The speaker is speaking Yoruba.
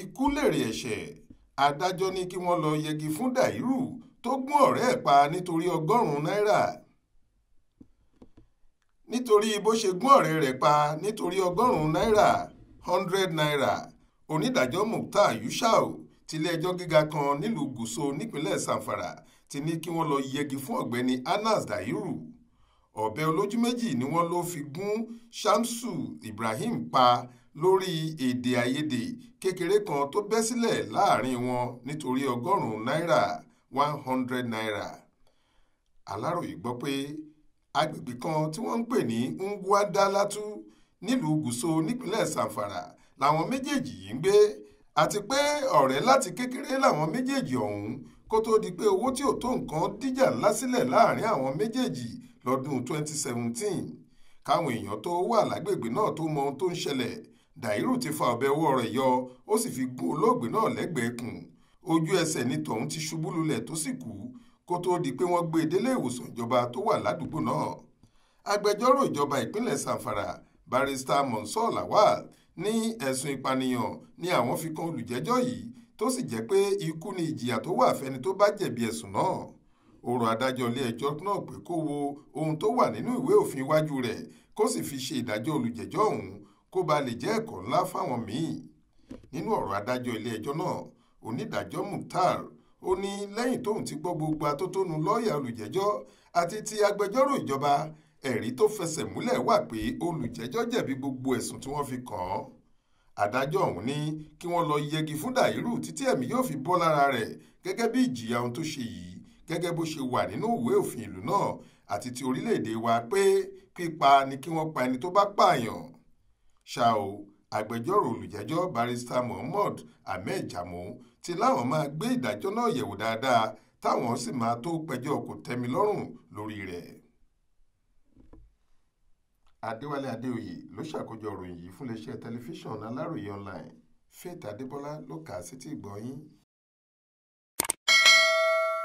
ikú lèrè ẹ̀ṣẹ̀ adájọ́ ní kí wọ́n lọ yẹgi fún dàírù tó gún ọ̀rẹ́ ẹ̀ pa nítorí ọgọ́rùn-ún náírà nítorí bó ṣe gún ọ̀rẹ́ rẹ̀ pa nítorí ọgọ́rùn-ún náírà hundred naira onídàájọ́ mukhtar yushau tiléẹjọ́ gíga kan nílùú gúúsù nípínlẹ̀ sanfara ti ní kí wọ́n lọ yẹgi fún ọ̀gbẹ́ni anas dairu ọ̀bẹ olójú méjì ni wọ́n ló fi gún shamsu ibrahim pa lórí èdè àìyedè kékeré kan tó bẹ́ sílẹ̀ láàrin wọn nítorí ọgọ́rùn-ún náírà one hundred naira. aláròye gbọ́ pé agbègbè kan tí wọ́n ń pè ní ngwadalatu nílùú gúúsù nípínlẹ̀ sanfara làwọn méjèèjì yìí ń gbé àti pé ọ̀rẹ́ láti kékeré làwọn méjèèjì ọ̀hún kó tó di pé owó tí ò tó nǹkan díjà ńlá sílẹ̀ láàrin àwọn méjèèjì lọ́dún 2017 káwọn èèyàn tó wà lágbègbè náà tó mọ ohun tó ń ṣẹlẹ̀ dàírò ti fa ọ̀bẹ ọwọ́ rẹ̀ yọ ó sì fi gún olóògbé náà lẹ́gbẹ̀ẹ́ kùn ojú ẹsẹ̀ ni tọ̀hún ti ṣubú lulẹ̀ tó sì kú kó tóó di pé wọ́n gbé e délé ìwòsàn ìjọba tó wà ládùúgbò náà agbẹjọ́rò ìjọba ìpínlẹ̀ Zamfara barista Monsor Lawal ní ẹ̀sùn ìpànìyàn ni àwọn fi kan olùjẹ́jọ́ yìí tó sì jẹ́ pé ikú ni ìjìyà tó wà fẹ́ni tó bá jẹ̀bi ẹ̀sùn náà ó rọ adájọ́ ilé ẹjọ́ náà pé kó wo ohun tó wà nínú ìwé òfin iwájú rẹ̀ kó sì fi ṣe ìdájọ́ olùjẹ́jọ́ ọ̀hún kó ba lè jẹ́ ẹ̀kọ́ ńlá fáwọn míì nínú ọ̀rọ̀ adájọ́ ilé-ẹjọ́ náà onídàájọ́ Mukhtar ó ní lẹ́yìn tóun ti gbọ́ gbogbo atótónu lọ́ọ̀yà olùjẹ́jọ́ àti ti agbẹjọ́rò ìjọba ẹ̀rí tó fẹsẹ̀ múlẹ̀ wà pé olùjẹ́jọ́ jẹ̀bi gbogbo ẹ̀sùn tí wọ́n fi kàn án adájọ́ ọ̀hún ní kí wọ́n lọ yẹgi fún Dàírù títí ẹ̀mí yóò fi bọ́ lára rẹ̀ gẹ́gẹ́ bí ìjìyà ohun tó ṣe yìí gẹ́gẹ́ bó ṣe wà nínú ìwé òfin ìlú náà àti ti orílẹ̀-èdè wa pé pípa ni kí wọ́n pa ẹni tó bá pààyàn ṣá o agbẹjọ́rò olùjẹ́jọ́ barista Mohammed Ahmed Jamo ti láwọn máa gbé ìdájọ́ náà yẹ̀wò dáadáa táwọn sì máa tó pẹjọ́ kò tẹ́mi lọ́rùn lórí rẹ̀. Adéwálé Adéoyè ló ṣàkójọ ìròyìn yìí fún iléeṣẹ́ tẹlifíṣàn Aláròye online Faith Adébọlá ló kà á sétí ìgbọ́ yín.